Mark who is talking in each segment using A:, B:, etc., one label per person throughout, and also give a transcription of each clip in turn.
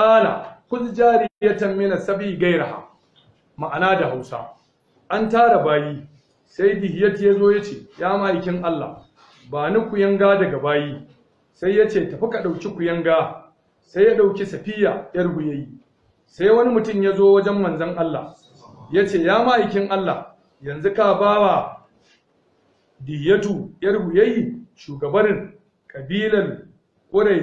A: qala khudh jariyatan min sabi ghayraha ma'ana da Hausa an tara bayi sai Dihiyatu yazo yace ya ma'aikin Allah ba ni kuyanga daga bayi sai yace tafi ka dauki kuyanga sai ya ɗauki safiya yar guyayi sai wani mutum ya zo wajen manzon Allah yace ya ma'aikin Allah yanzu ka ba wa Dihiyatu, yar guyayi shugabarin kabilan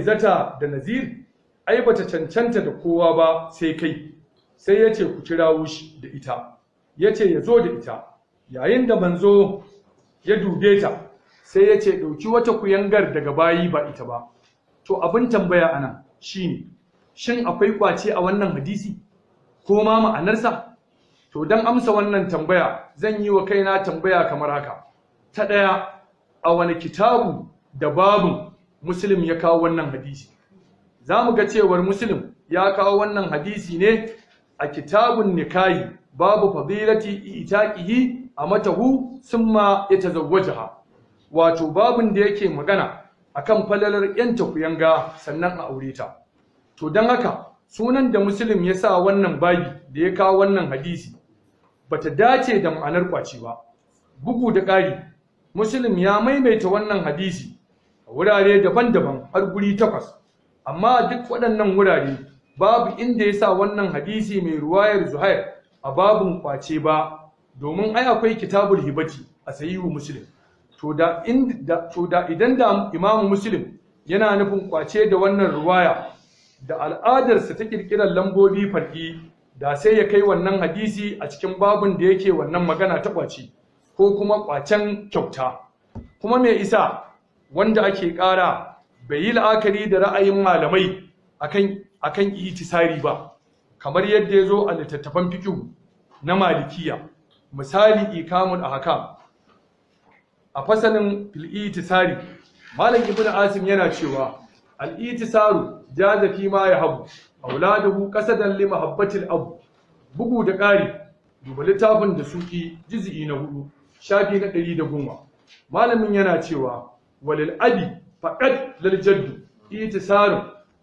A: Zata da Nazir ai bata cancanta da kowa ba sai kai sai yace ce ku kirawo shi da ita yace ce ya zo da ita yayin da manzo ya dube ta sai yace ce ɗauki wata kuyangar daga bayi ba ita ba to abin tambaya anan shine shin akwai kwace a wannan hadisi ko ma ma'anarsa to don amsa wannan tambaya zan yi wa kaina tambaya kamar haka ta ɗaya a wani kitabu da babin muslim ya kawo wannan hadisi za mu ga cewar muslim ya kawo wannan hadisi ne a kitabun Nikayi babu fadilati itaqihi a matahu summa yatazawwajaha wato babun da yake magana a kan falalar yanta kuyanga sannan a aure ta to dan haka sunan da muslim ya sa wannan babi da ya kawo wannan hadisi bata dace da ma'anar kwaci ba bugu da ƙari muslim ya maimaita wannan hadisi a wurare daban-daban har guri takwas amma duk waɗannan wurare babu inda ya sa wannan hadisi mai ruwayar zuhair a babun kwace ba domin ai akwai kitabul hibati a sayihu muslim to da idan da imamu muslim yana nufin kwace da wannan ruwaya da al'adarsa ta kirkirar lambobi farki da sai ya kai wannan hadisi a cikin babun da yake wannan magana ta kwace ko kuma kwacen kyauta kuma me isa wanda ake ƙara bai yi la'akari da ra'ayin malamai a kan itisari ba kamar yadda ya zo a littattafan fikin na malikiya misali ikamul ahkam a fasalin fil itisari malam ibnu asim yana cewa al itisaru jaza fi ma habu auladuhu qasadan li mahabbatil abu, bugu da ƙari duba littafin da suki jiz'i na hudu shafi na ɗari da goma, malamin yana cewa walil abi faqad laljaddu jaddu itisaru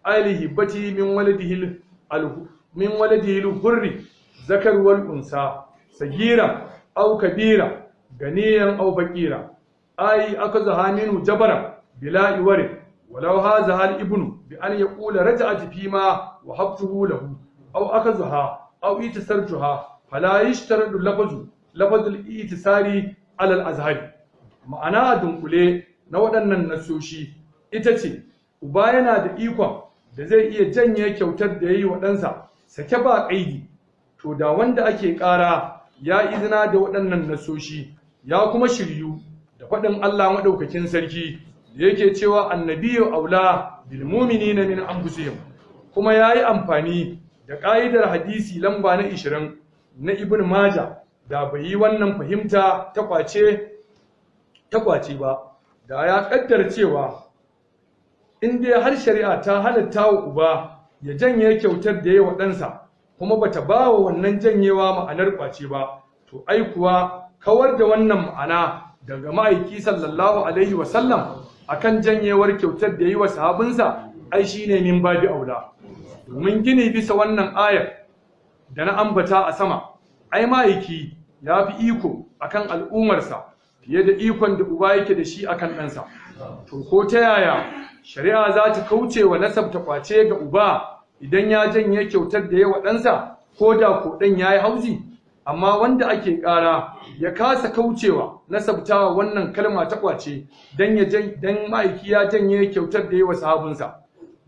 A: alihi bati min waladihi alhu, min waladihi hurri zakar wal unsa sagira aw kabira ganiyan aw faqira ai akaza haminu jabara bila iwari walau hadha hal ibnu bi an yaqula raja'at fi ma wahabtuhu lahu aw akazaha aw itisarjuha fala yashtaradu lafazu lafazul itisari alal azhari ma'ana dunkule na waɗannan nasoshi ita ce uba yana da ikon da zai iya janye kyautar da ya yi wa ɗansa sake ba ƙaidi to da wanda ake ƙara ya izina da waɗannan nasoshi ya kuma shiryu da faɗin Allah maɗaukakin sarki da yake cewa annabiyu aula bil na min anfusihim kuma ya yi amfani da ƙa'idar hadisi lamba na 20 na Ibn maja da bai yi wannan fahimta ta kwace ta kwace ba da ya kaddar cewa inda dai har shari'a ta halatta wa uba ya janye kyautar da ya yi wa ɗansa kuma bata ba wa wannan janyewa ma'anar ƙwace ba to ai kuwa kawar da wannan ma'ana daga ma'aiki sallallahu alaihi wasallam akan janyewar kyautar da ya yi wa sahabinsa ai shine min babi aula domin gini bisa wannan ayar da na ambata a sama ai ma'aiki ya fi iko akan al'ummarsa. fiye da ikon da uba yake da shi akan ɗansa to ko ta yaya shari'a za ta kauce wa nasabta kwace ga uba idan ya janye kyautar da yawa ɗansa ko da ko ɗan ya yi hauzi amma wanda ake ƙara ya kasa kaucewa nasabtawa wannan kalma ta kwace dan ya ma'aiki ya janye kyautar da yawa sahabinsa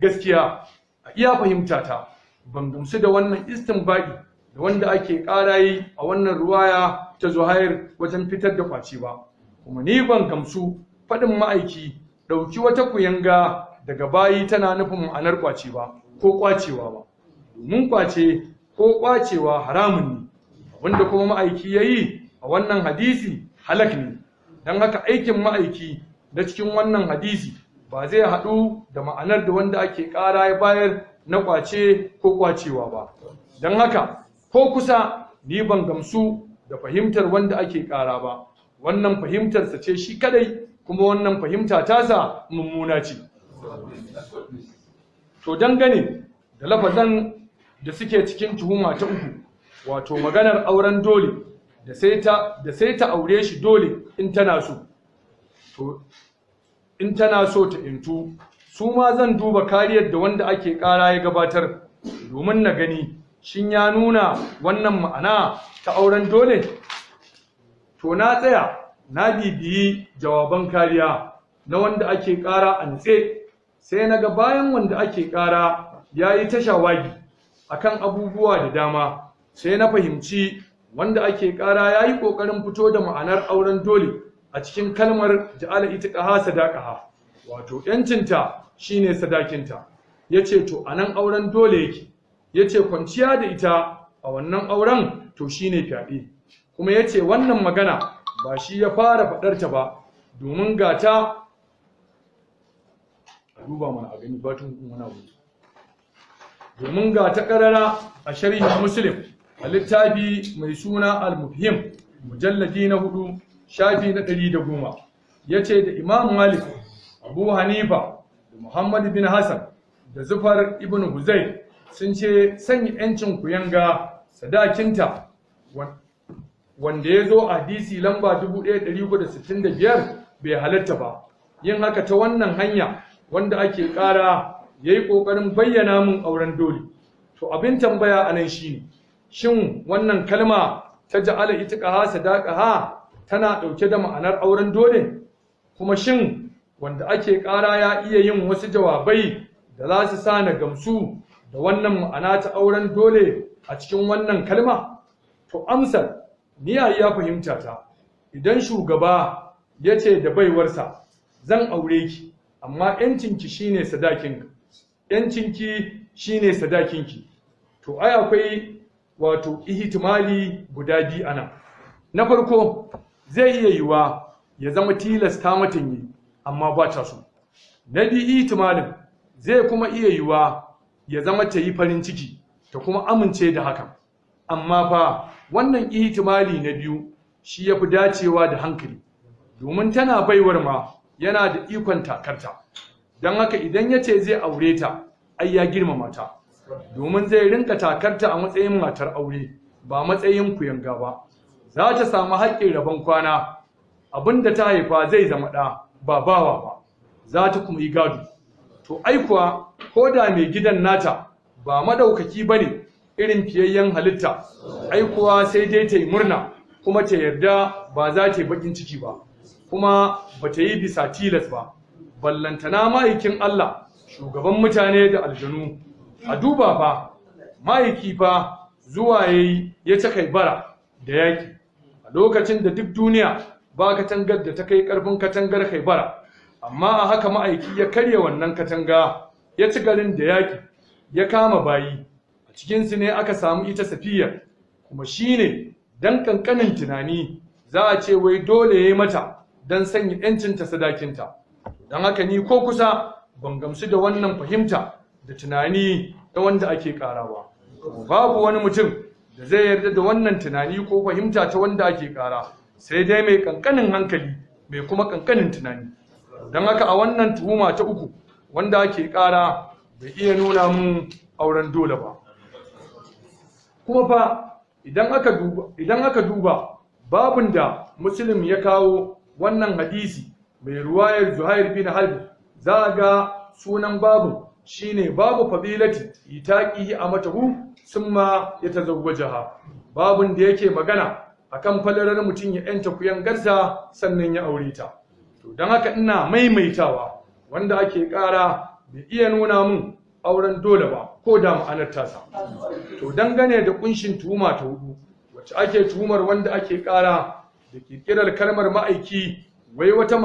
A: gaskiya a iya fahimta ta ban gamsu da wannan istin baƙi, da wanda ake ƙara yi a wannan ruwaya ta zuhair wajen fitar da kwaci ba kuma ni ban gamsu faɗin ma'aiki ɗauki wata kuyanga daga bayi tana nufin ma'anar kwaci ba ko kwacewa ba domin kwace ko kwacewa haramun ne abinda kuma ma'aiki ya yi a wannan hadisi halak ne don haka aikin ma'aiki na cikin wannan hadisi ba zai haɗu da ma'anar da wanda ake ƙara ya bayar na kwace ko kwacewa ba don haka ko kusa ni ban gamsu da fahimtar wanda ake ƙara ba wannan fahimtarsa ce shi kadai kuma wannan fahimta tasa mummuna ce to dangane da lafazan da suke cikin tuhuma ta uku wato maganar auren dole da sai ta aure shi dole in tana so in tana so ta intu su ma zan duba kariyar da wanda ake ƙara ya gabatar domin na gani shin ya nuna wannan ma'ana ta auren dole to na tsaya na bibiyi jawaban kariya na wanda ake ƙara antse sai na ga bayan wanda ake ƙara ya yi ta shawagi akan abubuwa da dama sai na fahimci wanda ake ƙara ya yi ƙoƙarin fito da ma'anar auren dole a cikin kalmar ja'ala ita ƙaha sadaƙaha wato ‘yancinta shi ne sadakinta ya ce to a nan auren dole yake ya ce kwanciya da ita a wannan auren to shine fyaɗe kuma ya ce wannan magana ba shi ya fara faɗarta ba domin ga ta a duba mana a gani batun wani abu domin ga ta ƙarara a shari'a muslim a littafi mai suna al-mufhim mujalladi na hudu shafi na ɗari da goma ya ce da imam malik abu hanifa da muhammad bin hassan da zufar ibn huzai sun ce sanya yancin ku yanga sadakinta wanda ya zo a hadisi lamba 1365 bai halatta ba yin haka ta wannan hanya wanda ake ƙara ya yi ƙoƙarin bayyana mun auren dole to abin tambaya a nan ne. shin wannan kalma ta ja'ala sadaka ha tana ɗauke da ma'anar auren dole kuma shin wanda ake ƙara ya iya yin wasu jawabai da za su sa na gamsu da wannan ma'ana ta auren dole a cikin wannan kalma to amsar ni ya fahimta ta idan shugaba ya ce da baiwarsa zan aure ki amma yancinki shine sadakin ki, shine sadakinki to ai akwai wato ihtimali guda biyu ana na farko zai iya yiwa ya zama tilasta matan amma ba ta so na biyu ihtimalin zai kuma iya yiwa ya zama ta yi farin ciki ta kuma amince da hakan amma fa wannan ihtimali na biyu shi ya fi dacewa da hankali domin tana baiwar ma yana da ikon takarta don haka idan ya ce zai aure ta ai ya girmama ta domin zai rinka takarta a matsayin matar aure ba matsayin kuyanga ba za ta samu haƙƙin rabon kwana abin da ta haifa zai zama ɗa ba bawa ba za ta kuma yi gado to ai kuwa ko da mai gidan nata ba madaukaki bane irin fiyayyen halitta ai kuwa sai dai ta yi murna kuma ta yarda ba za ta yi bakin ciki ba kuma ba ta yi bisa tilas ba ballantana ma'aikin Allah shugaban mutane da aljanu a duba fa ma'aiki fa zuwa ya yi ya ta kai bara da yaki a lokacin da duk duniya ba katangar da ta kai karfin katangar kai bara amma a haka ma'aiki ya karya wannan katanga ya ci garin da yaƙi ya kama bayi a cikinsu ne aka samu ita safiyar, kuma shi ne don ƙanƙanin tunani za a ce wai dole ya yi mata don sanya 'yancinta sadakinta don haka ni ko kusa ban gamsu da wannan fahimta da tunani ta wanda ake ƙara babu wani mutum da zai yarda da wannan tunani ko fahimta ta wanda ake ƙara sai dai mai ƙanƙanin hankali mai kuma ƙanƙanin tunani dan haka a wannan tuhuma ta uku wanda ake ƙara bai iya nuna mu auren dole ba kuma fa idan aka duba idan aka duba babin da muslim ya kawo wannan hadisi mai ruwayar zuhair bin Halb za ga sunan babin shine babu fadilati itaqihi matahu summa yatazawwajaha babun da yake magana akan falalar mutum ya yanta kuyangarsa sannan ya aure ta to don haka ina maimaitawa wanda ake ƙara bai iya nuna mun auren dole ba ko da ma'anar tasa to dangane da kunshin tuhuma ta hudu wacce ake tuhumar wanda ake ƙara da kirkirar kalmar ma'aiki wai wata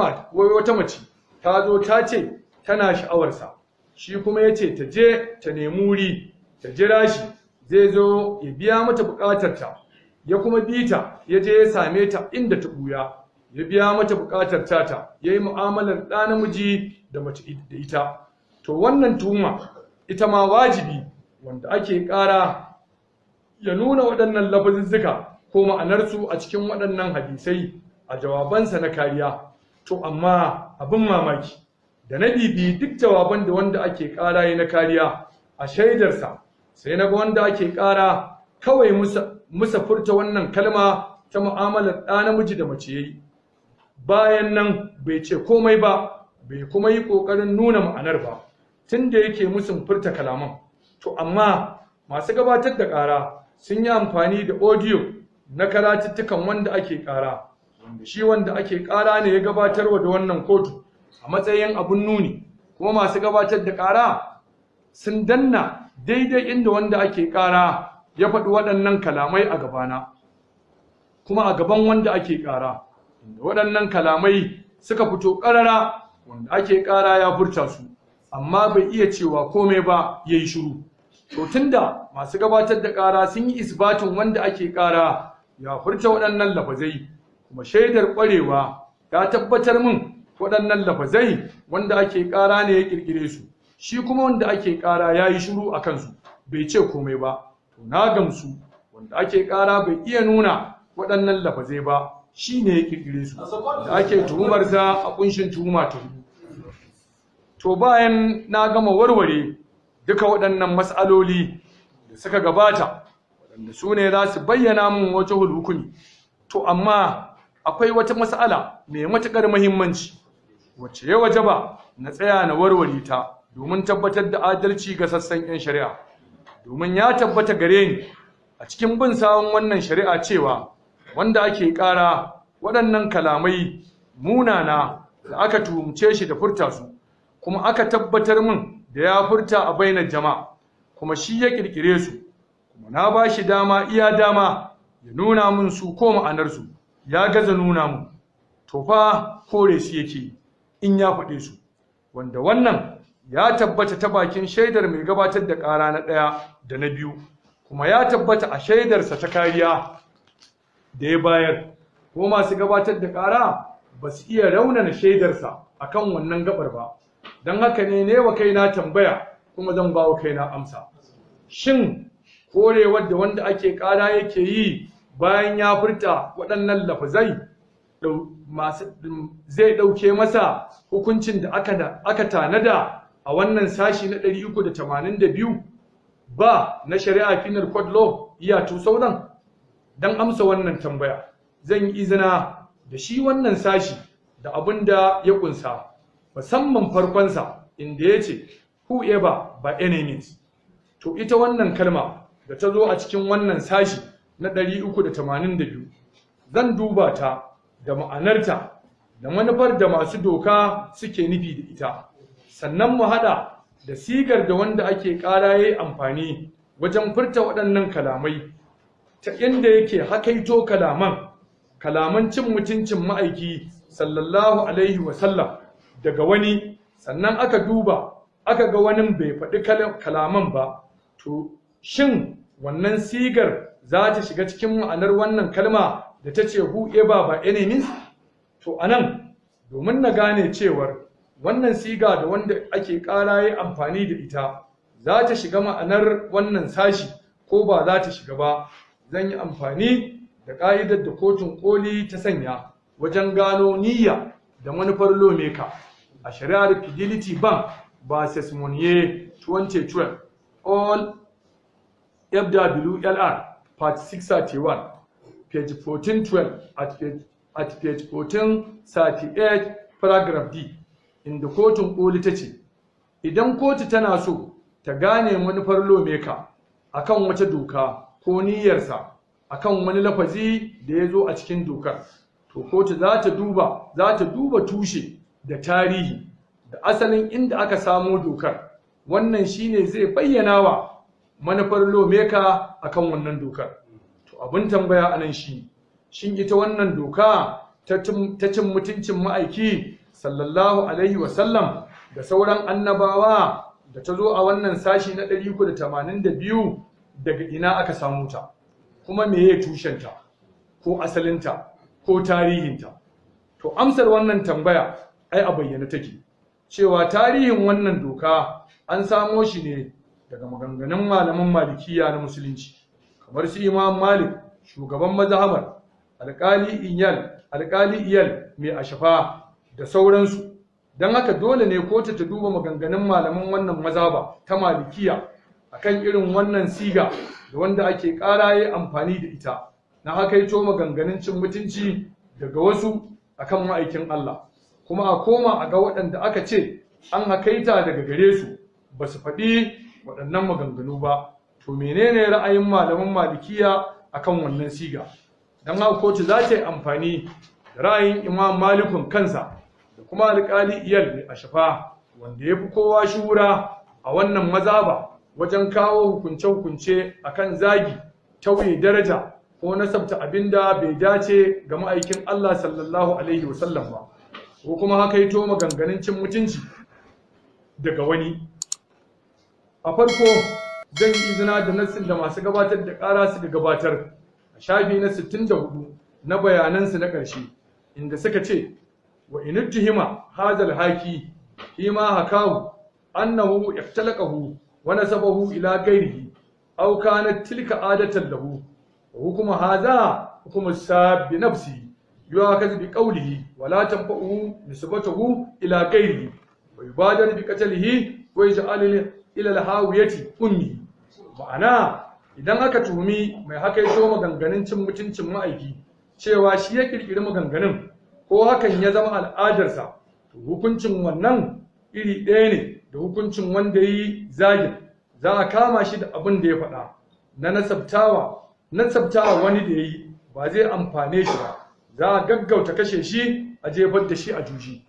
A: mace ta zo ta ce tana sha'awarsa shi kuma ya ce ta je ta nemi wuri ta jira shi zai zo ya biya mata buƙatarta ya kuma bi ta ya je ya same ta inda ta ɓuya ya biya mata buƙatar tata ya yi mu'amalar ɗa namiji da mace da ita to wannan tuhuma ita ma wajibi wanda ake ƙara ya nuna waɗannan lafazuzzuka ko ma'anarsu a cikin waɗannan hadisai a jawabansa na kariya to amma abin mamaki da na bibi duk jawaban da wanda ake ƙara yi na kariya a shaidarsa sai na ga wanda ake ƙara kawai musa furta wannan kalma ta mu'amalar ɗa namiji da mace yayi bayan nan bai ce komai ba bai kuma yi ƙoƙarin nuna ma'anar ba tun da yake musun furta kalaman to amma masu gabatar da ƙara sun yi amfani da audio na karatuttukan wanda ake ƙara shi wanda ake ƙara ne ya gabatar gabatarwa da wannan kotu a matsayin abun nuni kuma masu gabatar da ƙara sun danna daidai inda wanda ake ƙara ya faɗi waɗannan kalamai a gabana kuma a gaban wanda ake ƙara inda waɗannan kalamai suka fito ƙarara wanda ake ƙara ya furta su amma bai iya cewa komai ba ya yi shiru to tunda masu gabatar da ƙara sun yi isbatin wanda ake ƙara ya furta waɗannan lafazai kuma shaidar ƙwarewa ta tabbatar min waɗannan lafazai wanda ake ƙara ne ya ƙirƙire su shi kuma wanda ake ƙara ya yi shiru a kansu bai ce komai ba to na gamsu wanda ake ƙara bai iya nuna waɗannan lafazai ba shi ne ya kirkire su da ake tuhumar ta a kunshin tuhuma ta to bayan na gama warware duka waɗannan matsaloli da suka gabata waɗanda su ne za su bayyana mun wata hukumi to amma akwai wata matsala mai matuƙar muhimmanci wacce ya waje ba na tsaya na warware ta domin tabbatar da adalci ga sassan 'yan shari'a domin ya tabbata gare ni a cikin bin sawun wannan shari'a cewa wanda ake ƙara waɗannan kalamai munana da aka tuhumce shi da furta su kuma aka tabbatar min da ya furta a bainar jama'a kuma shi ya ƙirƙire su kuma na ba shi dama iya dama ya nuna min su ko ma'anar su, ya gaza nuna mu, to fa kore su yake in ya faɗe su wanda wannan ya tabbata ta bakin shaidar mai gabatar da ƙara na ɗaya da na biyu kuma ya tabbata a shaidarsa ta kariya da ya bayar ko masu gabatar da ƙara ba su iya raunana shaidarsa a kan wannan gabar ba don haka ne ne wa kaina tambaya kuma zan ba wa kaina amsa shin korewar da wanda ake ƙara yake yi bayan ya furta waɗannan lafazai zai ɗauke masa hukuncin da aka tanada a wannan sashi na 382 ba na shari'a final code law iya 2000 don amsa wannan tambaya zan yi izina da shi wannan sashi da abin da ya kunsa musamman farkonsa inda ya ce whoever by any to ita wannan kalma da ta zo a cikin wannan sashi na 382 zan duba ta da ma'anarta da manufar da masu doka suke nufi da ita sannan mu haɗa da sigar da wanda ake ƙara yayi amfani wajen furta waɗannan kalamai ta inda yake hakaito kalaman kalaman cin mutuncin ma'aiki sallallahu alaihi wasallam daga wani sannan aka duba aka ga wani bai faɗi kalaman ba to shin wannan sigar za ta shiga cikin ma'anar wannan kalma da ta ce hu eba ba enemies to anan domin na gane cewar wannan siga da wanda ake ƙara yi amfani da ita za ta shiga ma'anar wannan sashi ko ba za ta shiga ba zan yi amfani da ƙa'idar da kotun koli ta sanya wajen gano niyya da manufar lomeka a shari'ar fidelity bank versus monier 2012 all fwlr part 631 page 1412 at page, at page 1438 paragraph d inda kotun koli ta ce idan kotu tana so ta gane manufar lomeka akan wata doka ko niyyarsa kan wani lafazi da ya zo a cikin dokar to kotu za ta duba za ta duba tushe da tarihi da asalin inda aka samo dokar wannan shine zai bayyana wa manufar lomeka akan wannan dokar to abin tambaya a nan shi shin ita wannan doka ta cin mutuncin ma'aiki sallallahu alaihi wasallam da sauran annabawa da ta zo a wannan sashi na 382 daga ina aka samu ta kuma me meye tushenta ko asalinta ko tarihinta to amsar wannan tambaya ai a bayyana take cewa tarihin wannan doka an samo shi ne daga maganganun malaman malikiya na musulunci kamar su imam malik shugaban mazhabar alkali iyal alkali iyal mai ashafa da sauransu don haka dole ne kotu ta duba maganganun malaman wannan mazaba ta malikiya akan irin wannan siga da wanda ake ƙara ya amfani da ita na haka yi maganganun cin mutunci daga wasu akan ma'aikin Allah kuma a koma a ga waɗanda aka ce an hakaita daga gare su ba su faɗi waɗannan maganganu ba to menene ra'ayin malaman malikiya akan wannan siga Dan haka kotu za ta yi amfani da ra'ayin imam malikun kansa da kuma alƙali iyal a shafa wanda ya fi kowa shura a wannan mazaba wajen kawo hukunce-hukunce a kan zagi tauye daraja ko nasabta abin da bai dace ga ma'aikin Allah sallallahu alaihi wasallam ba ko kuma haka yi toma ganganin cin mutunci daga wani a farko zan yi izina da nassin da masu gabatar da ƙara su da gabatar a shafi na hudu na bayanansu na ƙarshe inda suka ce wa inu inuttihima hazal haki hima hakahu annahu iftalaqahu wa nasabahu ila ghairihi aw kanat tilka adatan lahu hukum hadha hukum sabbi nafsi yuwakazu bi qawlihi wa la tanfa'u nisbatuhu ila ghairihi wa yubadar bi qatlihi wa yaj'al ila al-hawiyati ummi ma'ana idan aka tuhumi mai haka yaso maganganun cin mutuncin ma'aiki cewa shi ya ƙirƙiri maganganun ko hakan ya zama al'adarsa to hukuncin wannan iri ɗaya ne da hukuncin wanda yi zagin za a kama shi da abin da ya faɗa na nasabtawa nasabtawa wani da ya yi ba zai amfane shi ba za a gaggauta kashe shi a jefar da shi a juji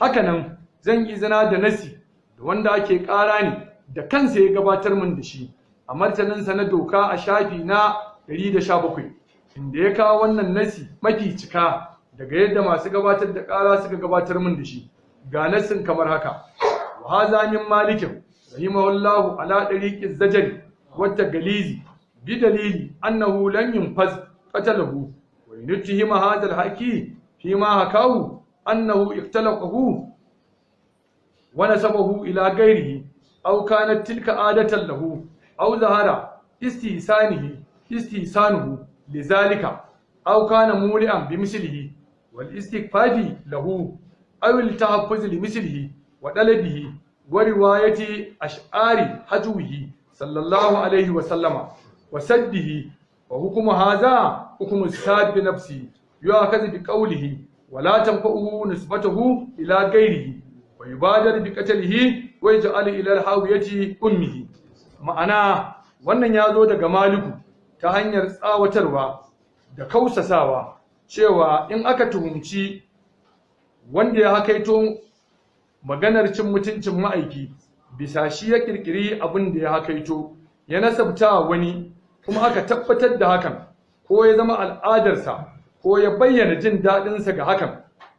A: hakanan zan yi izina da nasi da wanda ake ƙara ne da kansa ya gabatar min da shi a martaninsa na doka a shafi na 117 inda ya kawo wannan nasi mafi cika daga yadda masu gabatar da ƙara suka gabatar min da shi ga nasin kamar haka wa haza min malikin rahimahullahu ala dariqi zajari wata galizi bi dalili annahu lam yunfaz qatalahu wa yunjihima hadha al-haqi fi ma hakahu annahu iktalaqahu wa nasabahu ila ghairihi Auka na tilka adatan lahu aw zahara istisanihi istisanuhu lidhalika aw kana muli'an bimithlihi wal istighfafi lahu aw al tahaffuz limithlihi wa dalabihi wa riwayati ash'ari hajwihi sallallahu alaihi wa sallama wa saddihi wa hukmu hadha hukmu sad bi nafsi yu'akhadhu bi qawlihi wa la tanfa'uhu nisbatuhu ila ghairihi wa yubadar bi qatlihi wa yaj'alu ila al-hawiyati ummihi ma'ana wannan ya zo daga maliku ta hanyar tsawatarwa da kausasawa cewa in aka tuhumci wanda ya hakaito maganar cin mutuncin ma'aiki bisa shi ya kirkiri abin da ya hakaito ya nasabta wani kuma aka tabbatar da hakan ko ya zama al'adarsa ko ya bayyana jin daɗinsa ga hakan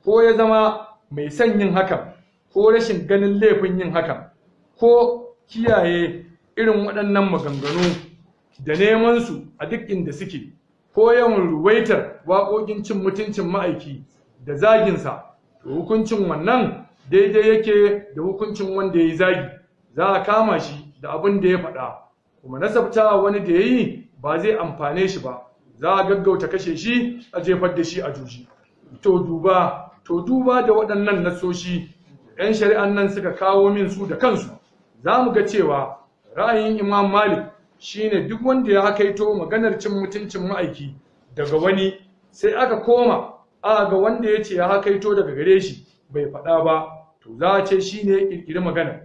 A: ko ya zama mai son yin hakan ko rashin ganin laifin yin hakan ko kiyaye irin waɗannan maganganu da neman su a duk inda suke ko yawan ruwaitar waƙoƙin cin mutuncin ma'aiki da zaginsa to hukuncin wannan daidai yake da hukuncin wanda ya zagi za a kama shi da abin da ya faɗa kuma nasabta wani da ya yi ba zai amfane shi ba za a gaggauta kashe shi a jefar da shi a juji to duba to duba da waɗannan nasoshi 'yan shari'an nan suka kawo min su da kansu za mu ga cewa ra'ayin imam malik shine duk wanda ya kaito maganar cin mutuncin ma'aiki daga wani sai aka koma a ga wanda ya ce ya hakaito daga gare shi bai faɗa ba to za a ce shi ya ƙirƙiri magana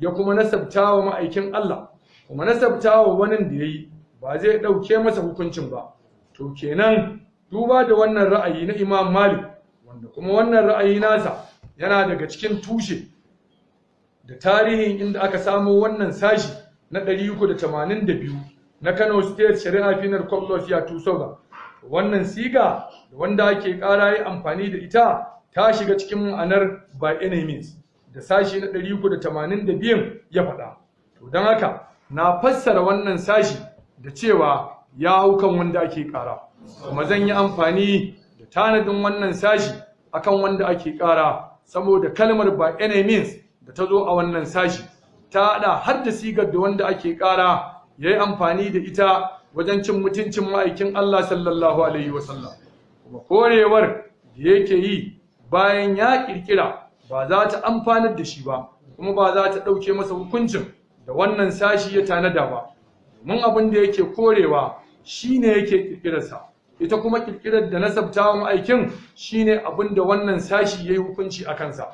A: ya kuma nasabta wa ma'aikin Allah kuma nasabta wa wani da ya yi, ba zai ɗauke masa hukuncin ba to kenan duba da wannan ra'ayi na Imam Malik wanda kuma wannan ra'ayi nasa yana daga cikin tushe da tarihin inda aka samo wannan sashi na 382 na Kano State Shari'a finar Code Law Tusoga, wannan siga da wanda ake ƙara yi amfani da ita ta shiga cikin ma'anar by any means da sashi na 382 ya faɗa to don haka na fassara wannan sashi da cewa ya hau wanda ake ƙara kuma zan yi amfani da tanadin wannan sashi akan wanda ake ƙara saboda kalmar by any means da ta zo a wannan sashi ta haɗa har da sigar da wanda ake ƙara ya yi amfani da ita wajen cin mutuncin ma'aikin Allah sallallahu alaihi wasallam kuma korewar da yake yi bayan ya kirkira ba za ta amfanar da shi ba kuma ba za ta ɗauke masa hukuncin da wannan sashi ya tanada ba domin abin da yake korewa shine yake kirkirarsa ita kuma kirkirar da nasabta wa aikin shine abin da wannan sashi ya yi hukunci a kansa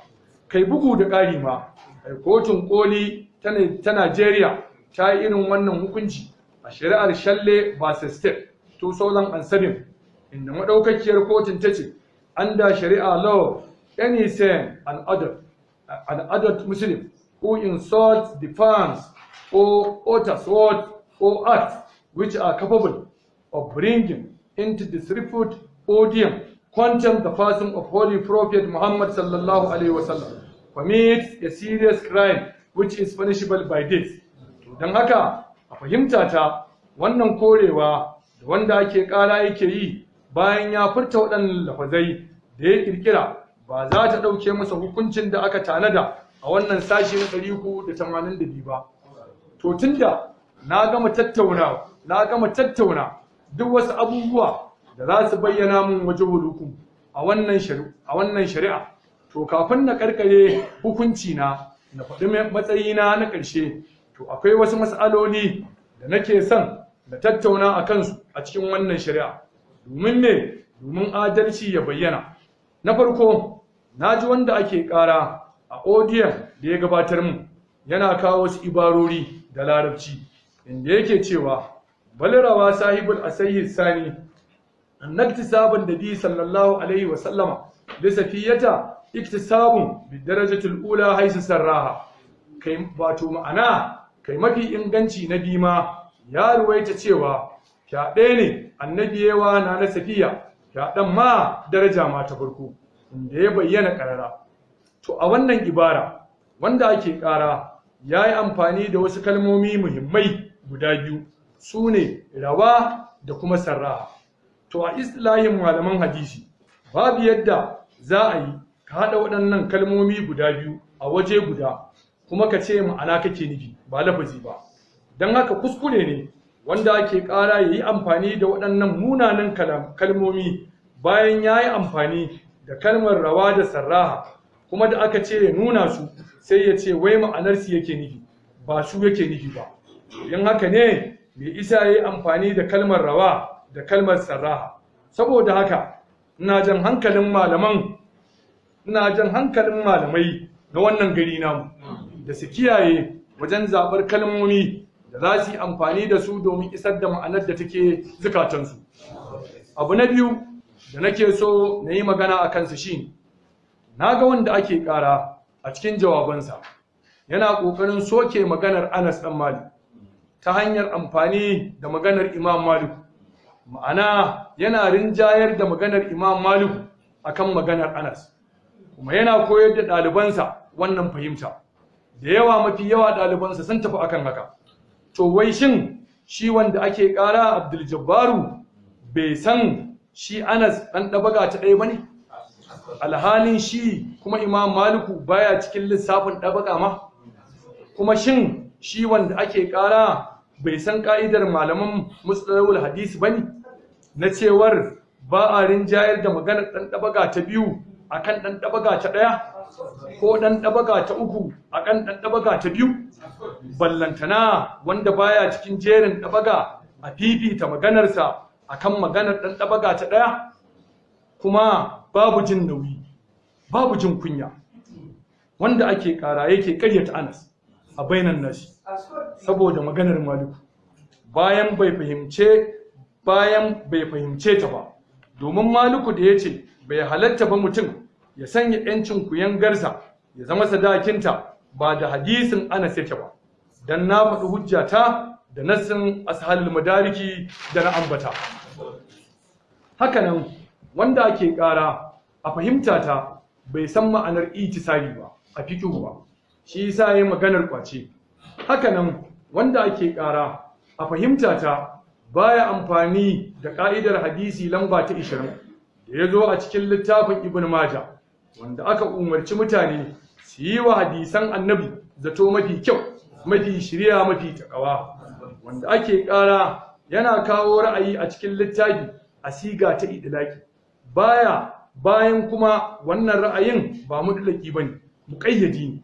A: kai bugu da ƙari ma kotun koli ta Najeriya ta yi irin wannan hukunci a shari'ar shalle ba state 2007 inda maɗaukakiyar kotun ta ce under Sharia law any sane an adult, an adult Muslim who insults, defames, or utters words or acts which are capable of bringing into disrepute odium, quantum the person of Holy Prophet Muhammad sallallahu alaihi wasallam commits a serious crime which is punishable by this. Don haka a fahimta ta wannan korewa da wanda ake kara yake yi bayan ya furta waɗannan lafazai da ya ƙirƙira, ba za ta ɗauke masa hukuncin da aka tanada a wannan sashi na 382 ba to tunda na gama tattauna na gama tattauna duk wasu abubuwa da za su bayyana min waje hukum a wannan a wannan shari'a to kafin na karkare hukunci na na faɗi matsayina na ƙarshe to akwai wasu mas'aloli da nake son na tattauna a kansu a cikin wannan shari'a domin ne domin adalci ya bayyana na farko na ji wanda ake ƙara a odiyon da ya gabatar mu yana kawo wasu ibarori da larabci inda yake cewa balarawa sahibul asayyid sani annaktisabun da bi sallallahu alaihi wa sallama lisafiyata iktisabun bi darajatul ula haisu sarraha kai wato ma'ana kai mafi inganci na bima ya ruwaita cewa fyaɗe ne annabi yawa na na safiya ya dan ma daraja ma ta farko inda ya bayyana karara to a wannan ibara wanda ake kara yayi amfani da wasu kalmomi muhimmai guda biyu sune, rawa da kuma sarraha to a islahin malaman hadisi babu yadda za a yi ka haɗa waɗannan kalmomi guda biyu a waje guda kuma ka ce ma'ana kake nufi ba lafazi ba don haka kuskure ne wanda ake ƙara ya yi amfani da waɗannan munanan kalmomi bayan ya yi amfani da kalmar rawa da sarraha kuma da aka ce ya nuna su sai ya ce wai ma'anarsu yake nufi ba su yake nufi ba yin haka ne mai isa ya yi amfani da kalmar rawa da kalmar sarraha saboda haka ina jan hankalin malaman ina jan hankalin malamai na wannan gari namu da su kiyaye wajen zaɓar kalmomi da za su yi amfani da su domin isar da ma'anar da take zukatansu abu na biyu da nake so na yi magana a kansu shi na ga wanda ake ƙara a cikin jawabansa yana ƙoƙarin soke maganar anas ɗan malik ta hanyar amfani da maganar imam malik ma'ana yana rinjayar da maganar imam malik akan maganar anas kuma yana koyar da ɗalibansa wannan fahimta da yawa mafi yawa ɗalibansa sun tafi akan haka to wai shin shi wanda ake kara abdul jabbaru bai san shi anas dan dabaga ta ɗaya bane alhalin shi kuma imam maliku baya cikin lissafin dabaga ma kuma shin shi wanda ake kara bai san ka'idar malaman mustalahul hadisi bane na cewar ba a rinjayar da maganar dan dabaga ta biyu akan ɗan ɗabaga ta ɗaya ko ɗan ɗabaga ta uku akan dan dabaga ta biyu ballantana wanda baya cikin jerin dabaga a fifita maganarsa akan maganar dan dabaga ta ɗaya? kuma babu jin nauyi babu jin kunya wanda ake kara yake karyata Anas a bainan nasi saboda maganar Maliku bayan bai fahimce bayan bai fahimce ta ba domin Maliku da ya ce bai halatta ba mutum ya sanya yancin ku yangarsa ya zama sadakinta ba da hadisin Anas yake ba dan na faɗi hujjata da nassin ashalul madariki da na ambata hakanan wanda ake ƙara a fahimta ta bai san ma'anar itisari ba a fikihu ba shi yasa yayin maganar kwace hakanan wanda ake ƙara a fahimta ta baya amfani da ƙa'idar hadisi lamba ta ishirin da ya zo a cikin littafin ibn maja wanda aka umarci mutane su yi wa hadisan annabi zato mafi kyau mafi shirya mafi takawa wanda ake ƙara yana kawo ra'ayi a cikin littafi a siga ta idilaki baya bayan kuma wannan ra'ayin ba mu bane ba ne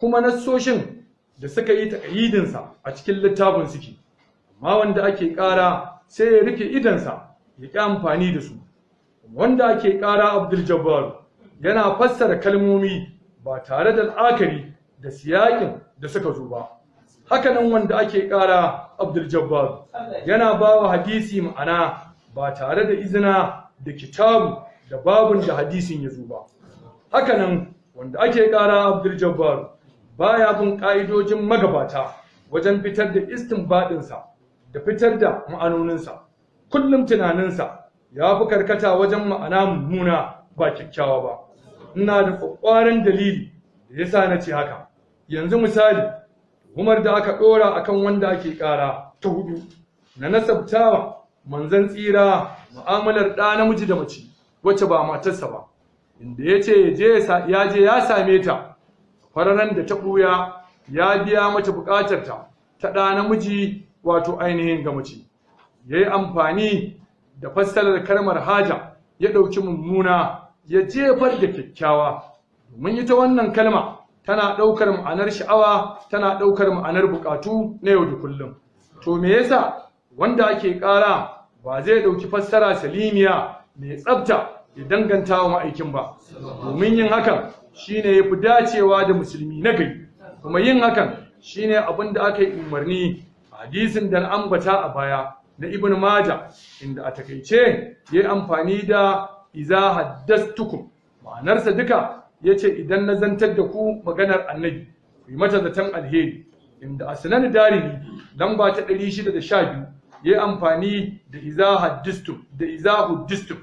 A: kuma nassoshin da suka yi taƙayidinsa a cikin littafin suke amma wanda ake ƙara sai ya rufe idansa ya ƙi amfani da su wanda ake ƙara Abdul Jabbar yana fassara kalmomi ba tare da al'akari da siyakin da suka zo ba hakanan wanda ake ƙara abdul jabbar yana ba wa hadisi ma'ana ba tare da izina da kitabu da babun da hadisin ya zo ba hakanan wanda ake ƙara abdul jabbar baya bin ka'idojin magabata wajen fitar da istinbadinsa da fitar da ma'anoninsa kullum tunaninsa ya fi karkata wajen ma'ana mummuna ba kyakkyawa ba ina da kwakwaran dalili da yasa na ce haka yanzu misali Umar da aka ɗora akan wanda ake ƙara ta hudu na nasabtawa manzan tsira mu'amalar ɗa namiji da mace wacce ba matarsa ba inda ya ce ya je ya same ta fararen da ta ɓuya ya biya mace buƙatarta ta ɗa namiji wato ainihin ga mace ya yi amfani da fassalar kalmar haja ya ɗauki mummuna ya jefar da kyakkyawa mun yi ta wannan kalma tana ɗaukar ma'anar sha'awa tana ɗaukar ma'anar buƙatu na yau da kullum to me yasa wanda ake ƙara ba zai ɗauki fassara salimiya mai tsafta ya danganta wa ma'aikin ba domin yin hakan shine ya fi dacewa da musulmi na gari kuma yin hakan shine abin da aka yi umarni hadisin da ambata a baya na ibn maja inda a takaice ya yi amfani da iza haddastukum ma'anarsa duka yace idan na zantar da ku maganar annabi ku yi mata zaton alheri inda asnan darimi lamba ta 612 yayi amfani da iza haddistum da iza huddistum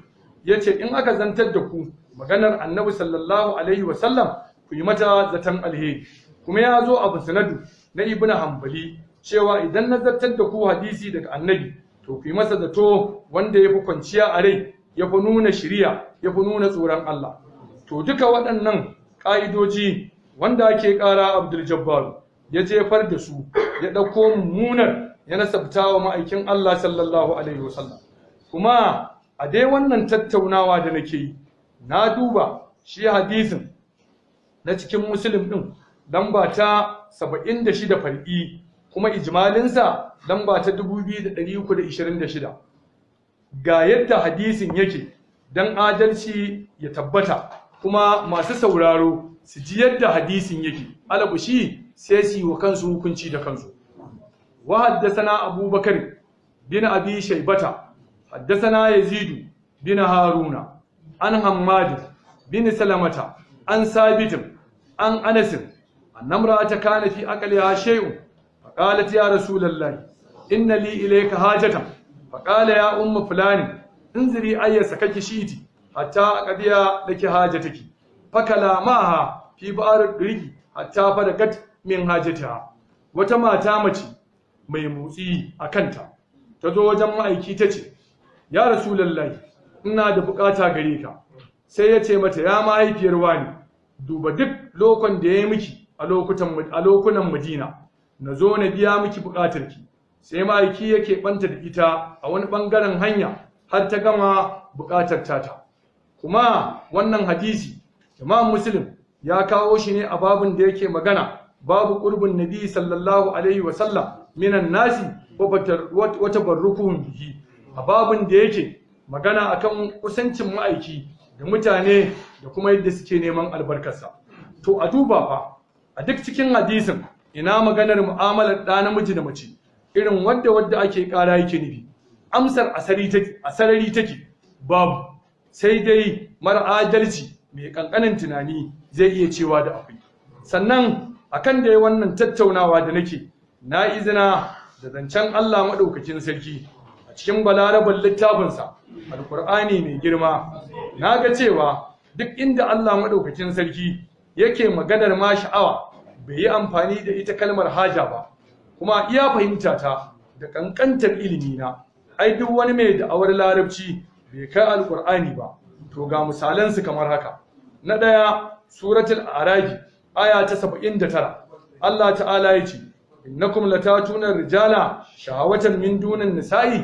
A: yace in aka zantar da ku maganar annabi sallallahu alaihi wasallam ku yi mata zaton alheri kuma ya zo a sanadu na ibina hanbali cewa idan na zartar da ku hadisi daga annabi to ku yi masa zato wanda ya fi kwanciya a rai ya fi nuna shiriya ya fi nuna tsoron Allah to duka waɗannan ƙa'idoji wanda ake ƙara Abdul ya jefar da su ya ɗauko mummunar ya nasabta wa ma'aikin Allah sallallahu alaihi wasallam kuma a dai wannan tattaunawa da nake yi na duba shi hadisin na cikin musulun ɗin lamba ta shida far'i kuma ijmalinsa lamba ta shida. ga yadda hadisin yake don adalci ya tabbata kuma masu sauraro su ji yadda hadisin yake shi sai su yi wa kansu hukunci da kansu wa haddasana abubakar bin abi shaibata na yazidu bin haruna an hammadu bin salamata an sabitin an anasin annamra ta kana fi aqliha shay'un faqalat ya rasulullahi inna li ilayka hajatan faƙala ya umma fulani in ziri ayya shidi hatta ƙadiya dake haja take fakala maha fi ba'ar rigi hatta gat min hajatiha wata mata mace mai motsi a kanta ta zo wajen ma'aiki ta ce ya rasulallah ina da buƙata gare ka sai ya ce mata ya mahaifiyarwa wani duba duk lokon da ya yi miki a lokutan lokunan madina na zo na biya miki buƙatar ki sai ma'aiki yake banta da ita a wani bangaren hanya har ta gama bukatar tata kuma wannan hadisi jama'an muslim ya kawo shi ne a babun da yake magana babu qurbun nabi sallallahu alaihi wa sallam minan nasi ko wata tabarrukuhum bihi a babun da yake magana akan kusancin ma'aiki da mutane da kuma yadda suke neman albarkarsa to a duba fa a duk cikin hadisin ina maganar mu'amalar ɗa namiji da mace irin wadda wadda ake kara yake nufi amsar a sarari asarari take babu sai dai mara adalci mai kankanin tunani zai iya cewa da akwai sannan akan da wannan tattaunawa da nake na izina da zancen Allah maɗaukakin sarki a cikin balarabar littafinsa alkur'ani mai girma na ga cewa duk inda Allah maɗaukakin sarki yake maganar ma sha'awa bai yi amfani da ita kalmar haja ba kuma iya fahimta ta da kankantar ilimi na ai duk wani mai da'awar larabci bai kai alkur'ani ba to ga misalansu kamar haka na ɗaya suratul arafi aya ta saba'in tara. Allah ta'ala ya ce innakum latatuna rijala shahawatan min dunin nisa'i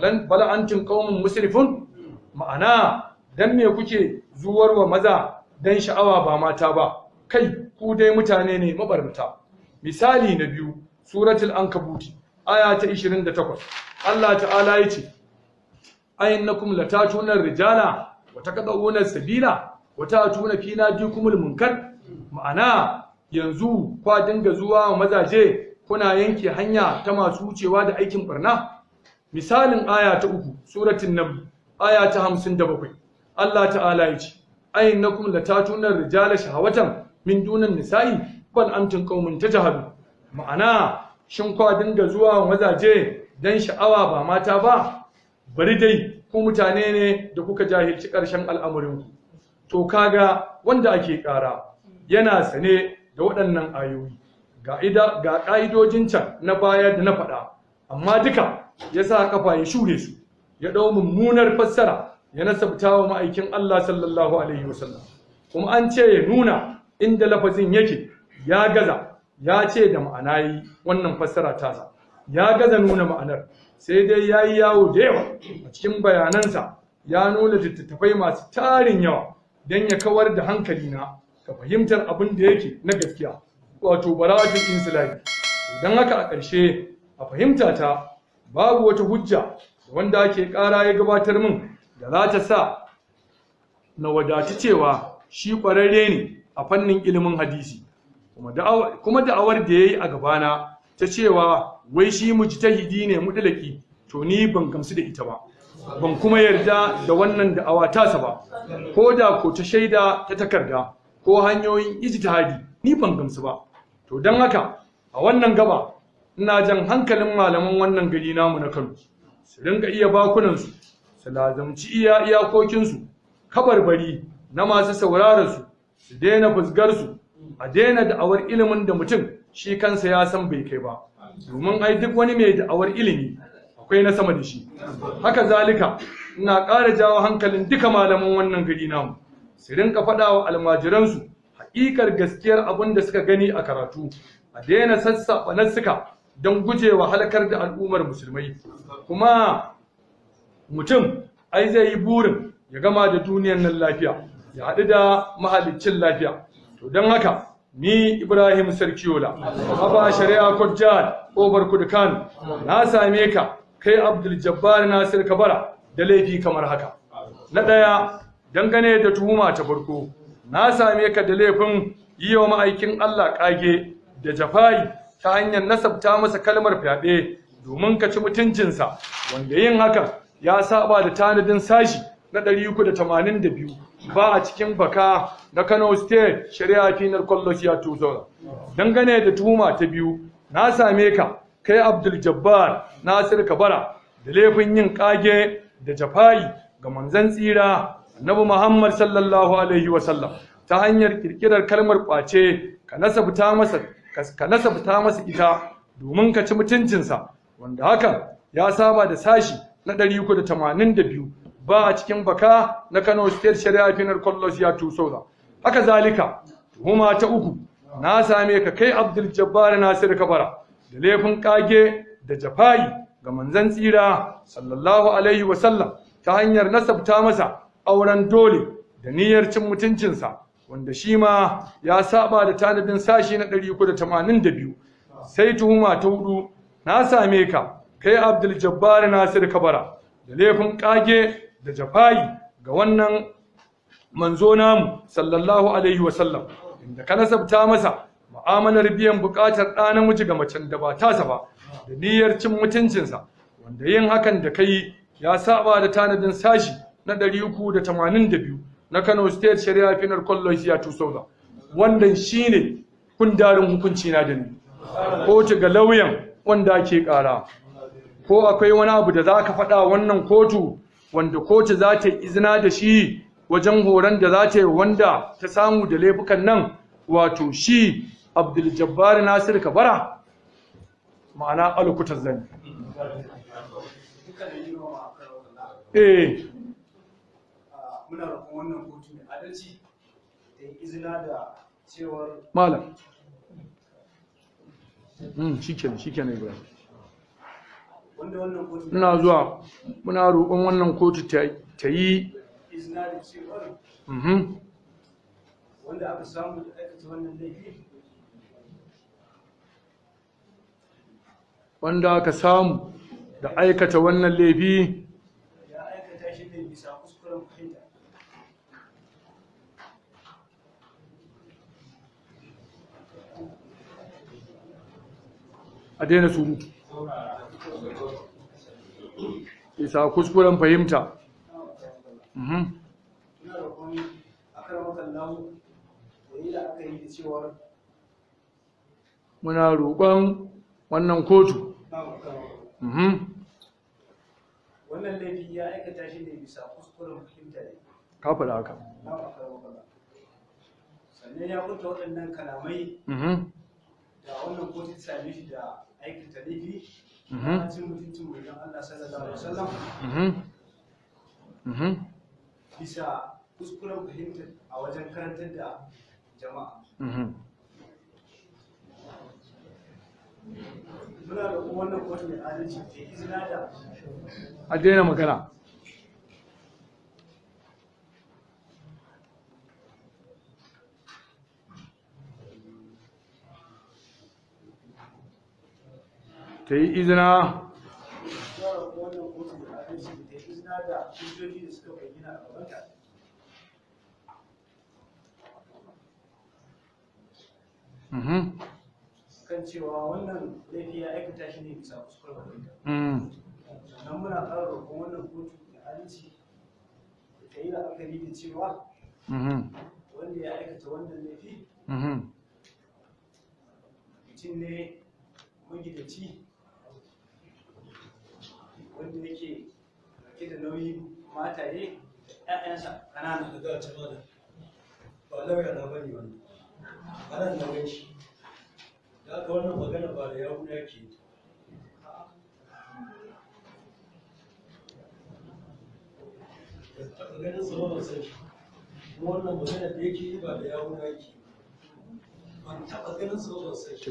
A: lan bal qaumun musrifun ma'ana dan me kuke zuwar wa maza dan sha'awa ba mata ba kai ku dai mutane ne mabarnata misali na biyu suratul ankabuti aya ta 28 Allah ta'ala yace ayyannakum latatuna rijala wa taqaduna sabila wa tatuna fi nadikumul munkar ma'ana yanzu kwa dinga zuwa mazaje kuna yanke hanya ta masu wucewa da aikin barna misalin aya ta uku suratul nab aya ta 57 Allah ta'ala yace ayyannakum latatuna rijala shahawatan min dunan nisa'i bal antum qaumun tajhalun ma'ana shin kwa dinga zuwa wazaje dan sha'awa ba mata ba bari dai ku mutane ne da kuka jahilci ƙarshen ku to kaga wanda ake ƙara yana sane da waɗannan ayoyi ga ida ga ƙa'idojin can na baya da na faɗa amma duka ya sa kafa ya shure su ya ɗau mummunar fassara ya nasabta wa ma'aikin Allah sallallahu alaihi wasallam kuma an ce ya nuna inda lafazin yake ya gaza ya ce da ma'ana yi wannan fassara tasa ya gaza nuna ma'anar sai dai ya yi yawo da yawa a cikin bayanansa ya nuna tattafai masu tarin yawa don ya kawar da hankali na ga fahimtar abin da yake na gaskiya wato bara'atul insulari don haka a ƙarshe a fahimta ta babu wata hujja da wanda ake ƙara ya gabatar min da za ta sa na wadaci cewa shi ƙwararre ne a fannin ilimin hadisi kuma da'awar da ya yi a gabana ta cewa wai shi mu ji ta hidi ne mutlaki to ni ban gamsu da ita ba ban kuma yarda da wannan da'awa sa ba ko da ko ta shaida ta takarda ko hanyoyin ijtihadi ni ban gamsu ba to don haka a wannan gaba ina jan hankalin malaman wannan gari namu na Kano su dinga iya bakunansu su lazamci iya iyakokinsu kabarbari na masu sauraron su su daina fusgar a daina da'awar ilimin da mutum shi kansa ya san bai kai ba domin ai duk wani mai da'awar ilimi akwai na sama da shi haka zalika ina ƙara jawo hankalin duka malaman wannan gari namu su rinka faɗa wa almajiransu haƙiƙar gaskiyar abin da suka gani a karatu a daina sassaɓa suka don gujewa halakar da al'ummar musulmai kuma mutum ai zai yi burin ya gama da duniyar nan lafiya ya haɗu da mahaliccin lafiya to don haka ni Ibrahim Sarkiola Aba Shari'a Kojjad Obar Kudukan na same ka kai Abdul Jabbar Nasir Kabara da laifi kamar haka na ɗaya dangane da tuhuma ta farko na same ka da laifin yi wa ma'aikin Allah ƙage da jafayi ta hanyar nasabta masa kalmar fyaɗe domin ka ci mutuncinsa wanda yin hakan ya saba da tanadin sashi na 382 ba a cikin baka na Kano State shari'a finar kwallos ya tuzora. Dangane da tuhuma ta biyu, na same ka kai Abdul Jabbar Nasir Kabara da laifin yin kage da jafayi ga manzan tsira Annabi Muhammad sallallahu alaihi wasallam ta hanyar kirkirar kalmar kwace ka nasabta masa masa ita domin ka ci mutuncinsa wanda hakan ya saba da sashi na 382 ba a cikin baka na Kano State Shari'a Penal Code ya tuso da haka zalika tuhuma ta uku na same ka kai Abdul Jabbar Nasir Kabara da laifin kage da jafa'i ga manzon tsira sallallahu alaihi ta hanyar nasabta masa auren dole da niyyar cin mutuncinsa wanda shi ma ya saba da tanadin sashi na 382 sai tuhuma ta hudu na same ka kai Abdul Jabbar Nasir Kabara da laifin kage da Jafayi ga wannan manzo namu sallallahu alaihi wasallam inda ka nasabta masa mu'amalar biyan buƙatar ɗa namiji ga macen da ba tasa ba da niyyar cin mutuncinsa wanda yin hakan da kai ya saba da tanadin sashi na 382 na Kano State Shari'a Penal College ya 2000 wannan shine kundarin hukunci na da ni kotu ga lauyan wanda ake ƙara ko akwai wani abu da zaka ka faɗa wannan kotu wanda kotu za ta izina da shi wajen horon da za ta yi wanda ta samu da laifukan nan wato shi abdul jabbar nasir kabara ma'ana alukutar zan
B: eh Hmm, roƙon wannan kotu da ibrahim Muna
A: zuwa muna roƙon wannan kotu ta yi mhm. wanda aka samu da aikata wannan laifi a daina surutu isa kuskuren fahimta mhm. muna roƙon wannan kotu mhm.
B: wannan laifin ya aikata shi ne bisa kuskuren fahimta ne ka faɗa haka sannan ya kuta waɗannan kalamai mhm. da wannan kotu ta same shi da aikata laifi cin mm-hmm. mutuncin manzon Allah sallallahu alaihi
A: mm-hmm. Mm-hmm.
B: bisa kuskuren fahimtar a wajen karantar da jama'a muna da wannan kwatu mai adalci izina da
A: a daina magana ta yi izina mhm.
B: kan cewa wannan laifi ya aikata shi ne bisa kuskuren wanda mm. sannan muna ƙara roƙon wannan kotu da adalci da ta yi la'akari da cewa mhm. wanda ya aikata wannan laifi mhm. mutum ne magidaci wanda yake ɗauke da nauyi mataye ‘ya'yansa ƙanana. Da za a ba lauya na bane wani, ƙanan nauyin shi. Da aka wannan magana ba da yawon yake taɓa ganin tsaro ba sai kuma wannan magana da yake yi ba da yawon yake ban taɓa ganin tsaro ba sai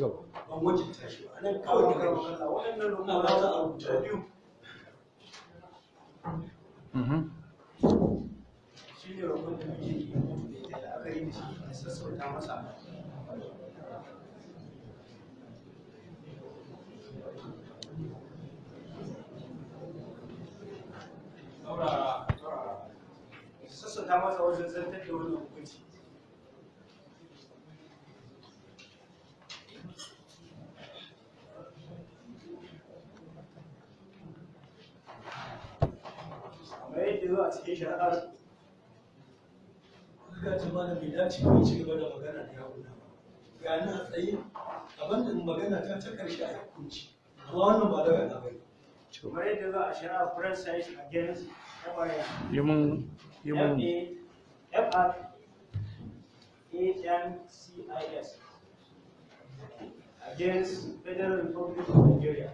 A: ban wajinta shi ba A
B: nan kawai da karfi waɗannan nuna za a rubuta biyu shi da yake da la'akari da shi da sassauta masa wajen zartar da ba a cikin shari'ar kuka ce mana mai dace mai ci gaba da magana da yawuna ga ni a tsaye abin da magana ta ta karshe a hukunci amma wannan ba daga na bai kamar yadda za a shari'ar france science against FIA FR ANCIS against Federal Republic of Nigeria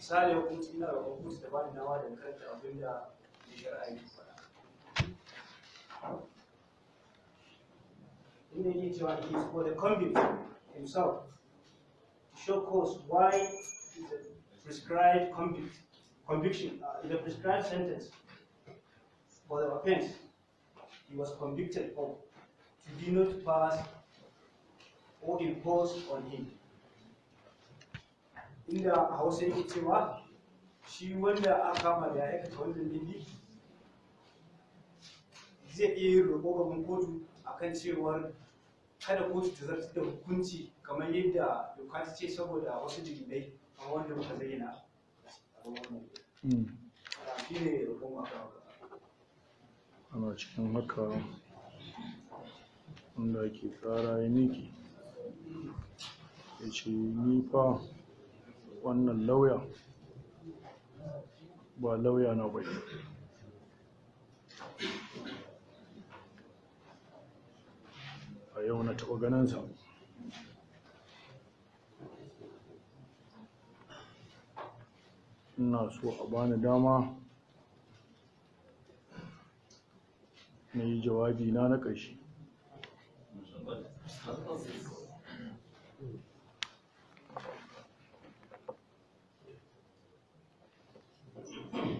B: misali hukunci na da hukunci da bani nawa da karanta abin da ya shari'a ya faɗa inda yake cewa he is for the convict himself to show cause why the prescribed convict conviction uh, is prescribed sentence for the offense he was convicted of to be not passed or imposed on him inda a hausa yake cewa shi wanda aka kama da ya aikata wannan laifi zai iya yin roƙo gaban kotu akan cewar kada kotu ta zartar da hukunci kamar yadda doka ta ce saboda wasu jirgin a wanda muka zayyana hmm.
A: ana cikin haka wanda ake tsara ya miki ya ce ni fa wannan lauya ba lauya na bai a yau na taɓa ganinsa ina so a bani dama na yi jawabi na na ƙarshe Thank you.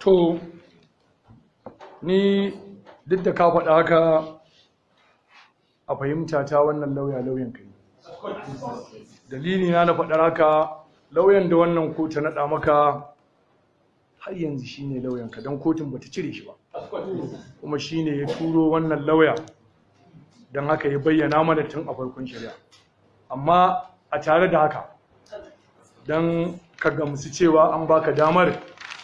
A: to ni duk da ka faɗa haka a fahimta ta wannan lauya lauyan kai dalili na na faɗar haka lauyan da wannan kotu naɗa maka har yanzu shine lauyan ka don kotun bata cire shi ba kuma shi ne ya turo wannan lauya don haka ya bayyana mana tun a farkon shari'a amma a tare da haka don ka gamsu cewa an baka damar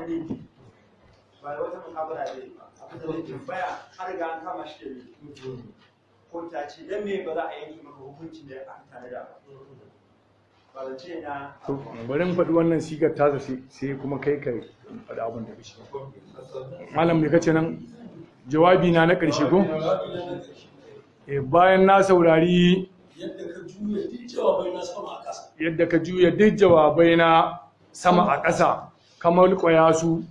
B: wani ne ba da wata mukabara da yi da zai tambaya har ga an kama shi da ne ko ta ce dan me ba za a yanke maka hukuncin da aka tare da ba ba da ce na
A: bari in faɗi wannan sigar tasa sai kuma kai ka faɗi abin da kace malam me kace nan jawabi na na ƙarshe ko eh, bayan na saurari yadda ka juya duk jawabai na sama a ƙasa kamar kwaya su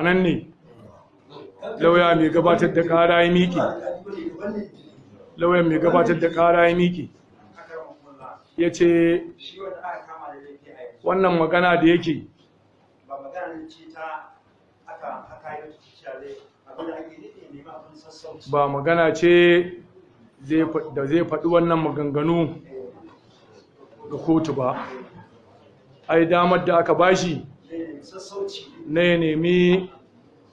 A: ne lauya mai gabatar da kara ya miki lauyan mai gabatar da kara ya miki ya ce wannan magana da yake ba magana ne ce ta haka haka yi abin da ake nufi ne abin sassauci ba magana ce da zai faɗi wannan maganganu ga kotu ba ai damar da aka bashi na ya nemi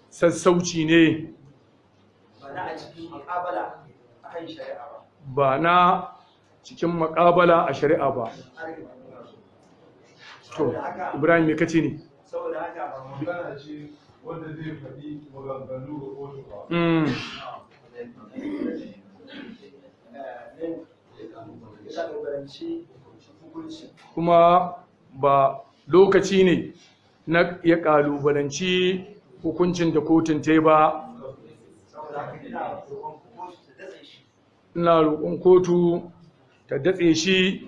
A: sassauci ne
B: ba ba na cikin makabala a kan
A: shari'a ba na cikin makabala a shari'a ba to ibrahim me kace ne mm. kuma ba lokaci ne na ya kalubalanci hukuncin da kotun ta yi ba ina roƙon kotu ta datse shi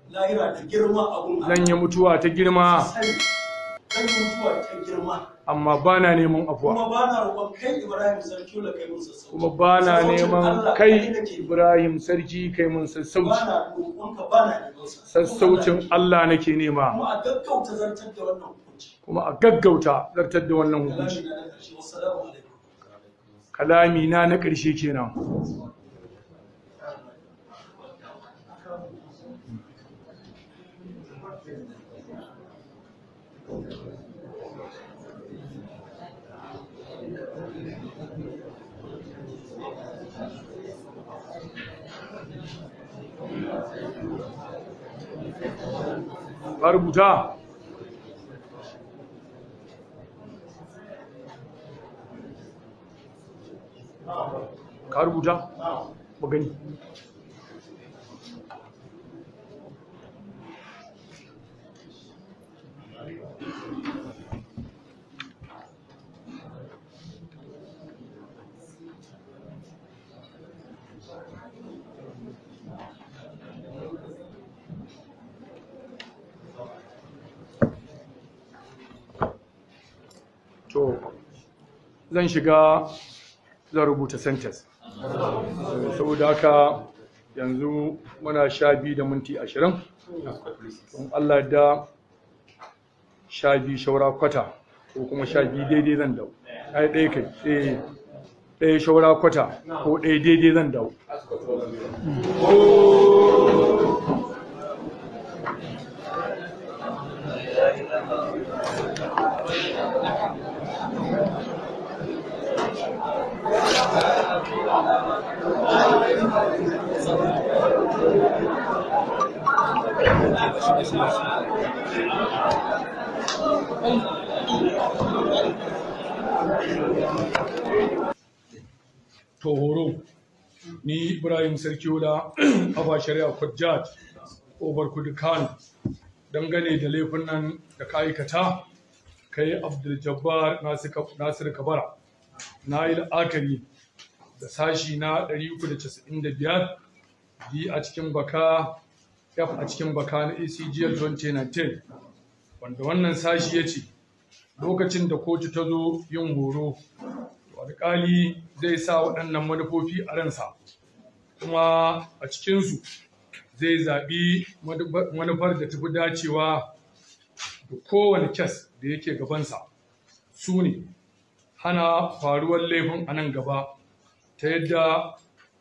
B: lahira ta
A: mutuwa ta girma amma ba na neman afuwa kuma ba na neman kai ibrahim sarki kai mun sassauci ba na
B: neman
A: sassaucin Allah nake nema kuma a gaggauta zartar da wannan hukunci
B: kuma
A: kalami na na ƙarshe kenan ka rubuta ka rubuta magani to zan shiga zan rubuta sentence saboda haka yanzu muna sha biyu da minti ashirin don allah da sha biyu shaura kwata ko kuma sha biyu daidai zan dau ai ɗaya kai eh, ɗaya shaura kwata ko ɗaya daidai zan dau to horo ni ibrahim sarki wula kafa shari'a kwajjaj over kudu dangane da laifin nan da ka aikata kai abdul jabbar nasir kabara na yi la'akari da sashi na 395 yi a cikin baka f a cikin baka na a 2019 wanda wannan sashi ya ce lokacin da kotu ta zo yin horo alƙali zai sa waɗannan manufofi a ransa kuma a cikinsu zai zaɓi manufar da tafi dacewa da kowane kes da yake gabansa su ne hana faruwar laifin a nan gaba ta yadda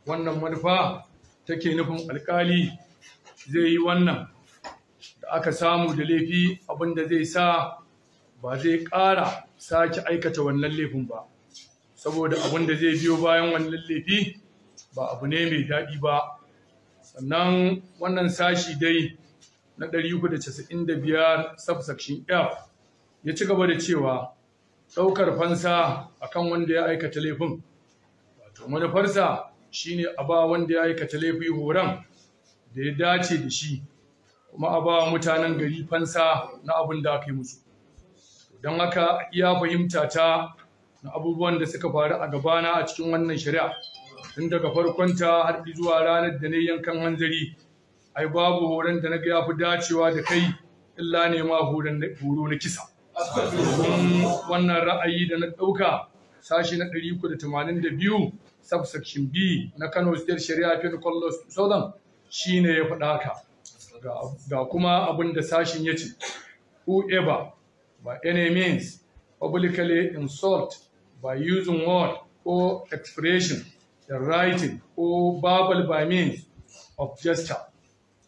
A: wannan manufa take nufin alƙali? zai yi wannan da aka samu da laifi da zai sa ba zai ƙara sake aikata wannan laifin ba saboda da zai biyo bayan wannan laifi ba abu ne mai daɗi ba sannan wannan sashi dai na 395 subsection f ya ci gaba da cewa ɗaukar fansa akan wanda ya aikata laifin wato manufarsa shine a ba wanda ya aikata laifi horon da ya dace da shi kuma a ba mutanen gari fansa na abin da aka yi musu don haka ya fahimta ta na abubuwan da suka faru a gabana a cikin wannan shari'a tun daga farkonta har zuwa ranar da na yankan hanzari ai babu horon da na ga fi dacewa da kai illa ne ma horo na kisa wannan ra'ayi da na ɗauka sashi na 382 subsection b na kano state shari'a penal kwallo southern shi ne ya faɗa ka ga kuma abin da sashin ya ce whoever by any means publicly insult by using word or expression in writing or verbal by means of gesture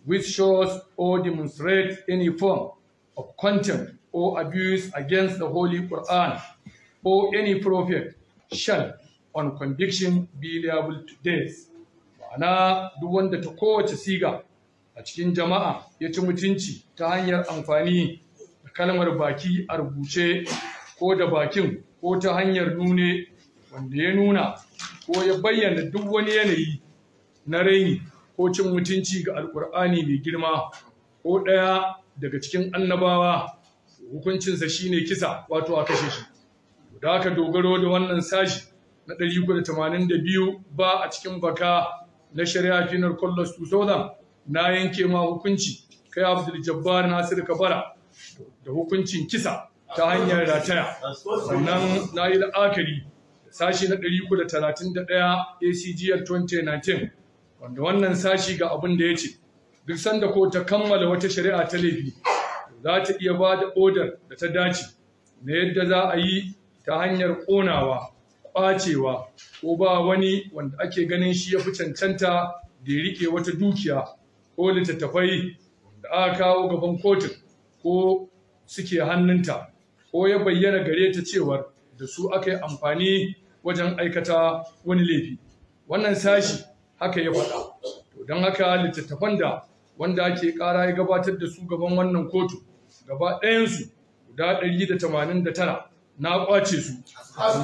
A: which shows or demonstrates any form of contempt or abuse against the Holy Quran or any prophet shall, on conviction, be liable to death. ana duk wanda ta kowace siga a cikin jama'a ya ci mutunci ta hanyar amfani da kalmar baki a rubuce ko da bakin ko ta hanyar nune wanda ya nuna ko ya bayyana duk wani yanayi na raini ko cin mutunci ga alkur'ani mai girma ko ɗaya daga cikin annabawa hukuncinsa shine kisa wato a kashe shi da aka dogaro da wannan sashi na 182 ba a cikin baka na shari'a finar su tusoda na yanke ma hukunci kai abdul jabbar nasir kabara da hukuncin kisa ta hanyar rataya sannan na yi la'akari sashi na 331 acgl 2019 wanda wannan sashi ga abin da ya ce duk sanda ko ta kammala wata shari'a ta laifi za ta iya ba da odar da ta dace na yadda za a yi ta hanyar ƙonawa ɓacewa ko ba wani wanda ake ganin shi ya fi cancanta da ya riƙe wata dukiya ko littattafai da aka kawo gaban kotun ko suke hannunta ko ya bayyana gare ta cewar da su aka yi amfani wajen aikata wani laifi wannan sashi haka ya faɗa to don haka littattafan da wanda ake ƙara ya gabatar da su gaban wannan kotu gaba ɗayansu guda ɗari da tamanin da tara na kwace su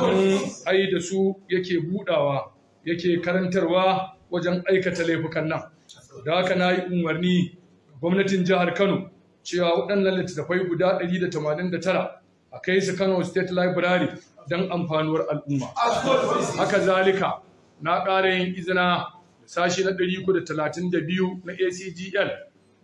A: domin ai da su yake buɗawa yake karantarwa wajen aikata laifukan nan da haka na yi umarni gwamnatin jihar kano cewa waɗannan littattafai guda 189 a kai su kano state library don amfanuwar al'umma haka zalika na ƙara yin izina sashi na 332 na acgl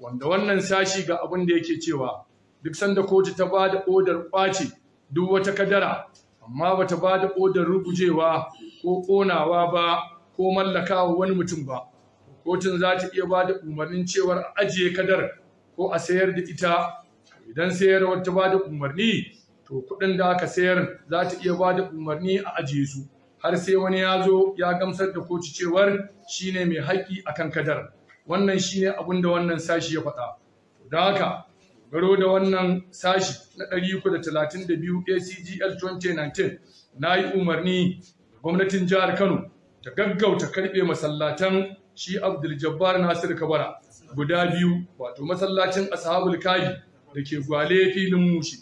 A: wanda wannan sashi ga abin da yake cewa duk sanda kotu ta ba da odar ƙwace duk wata kadara amma bata ba da odar rugujewa ko ƙonawa ba ko mallakawa wani mutum ba kotun za ta iya bada umarnin cewar ajiye kadar ko a sayar da ita idan sayarwar ta bada umarni to kuɗin da aka sayar za ta iya bada umarni a ajiye su har sai wani ya zo ya gamsar da kotu cewar shine mai haƙƙi akan kadar wannan shine abin da wannan sashi ya faɗa don haka garo da wannan sashi na 332 ACGL 2019 na yi umarni da gwamnatin jihar Kano ta gaggauta karɓe masallatan shi Abdul Jabbar Nasir Kabara guda biyu wato masallacin Ashabul Kabi da ke gwale filin mushi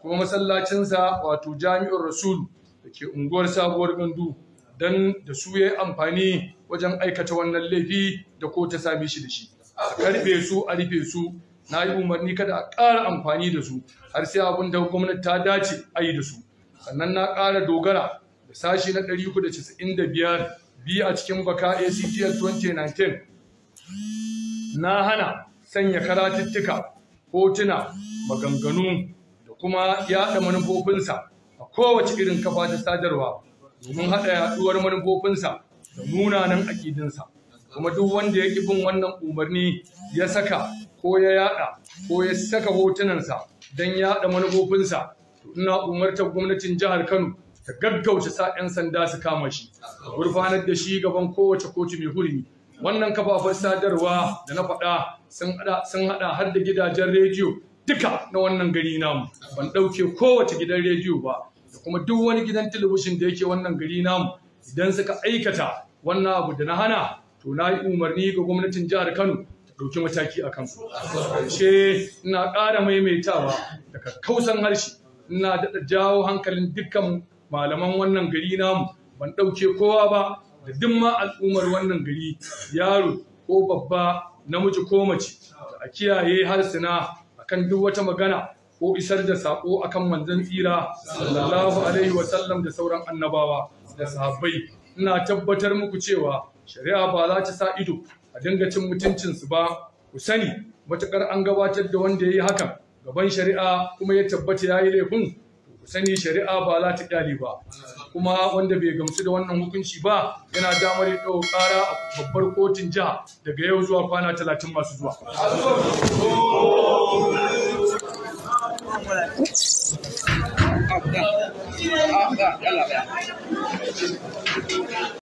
A: kuma masallacinsa wato Jami'ar Rasul da ke unguwar Sabuwar Gandu don da su ya amfani wajen aikata wannan laifi da ko ta same shi da shi a karɓe su a rufe su na yi umarni kada a ƙara amfani da su har sai abin da gwamnati ta dace a yi da su sannan na ƙara dogara da sashi na 395 biyu a cikin baka actl 2019 na hana sanya karatuttuka hotuna maganganu da kuma yaɗa manufofinsa a kowace irin kafa ta sadarwa domin haɗa yaɗuwar manufofinsa da munanan aƙidinsa kuma duk wanda ya ƙi bin wannan umarni ya saka ko ya yada ko ya saka hotunansa don yada manufofinsa to ina umartar gwamnatin jihar Kano ta gaggauta sa 'yan sanda su kama shi gurfanar da shi gaban kowace kotu mai hurumi wannan kafafen sadarwa da na faɗa sun haɗa har da gidajen rediyo duka na wannan gari namu ban ɗauke kowace gidan rediyo ba da kuma duk wani gidan talabijin da yake wannan gari namu idan suka aikata wannan abu da na hana to na yi umarni ga gwamnatin jihar kano Dauki mataki a kansu. Ce na ƙara maimaitawa daga kausan harshe Ina daɗa jawo hankalin dukkan malaman wannan gari namu ban ɗauke kowa ba da duk ma al'ummar wannan gari yaro ko babba namiji ko mace a kiyaye harsuna akan duk wata magana ko isar da saƙo akan manzan tsira sallallahu alaihi wa sallam da sauran annabawa da sahabbai ina tabbatar muku cewa shari'a ba za ta sa ido a dinga cin mutuncinsu ba ku sani matukar an gabatar da wanda ya yi hakan gaban shari'a kuma ya tabbata ya yi laifin ku sani shari'a ba za ta kyale ba kuma wanda bai gamsu da wannan hukunci ba yana damar ya ɗau ƙara a babbar kotun jiha daga yau zuwa kwana talatin masu zuwa.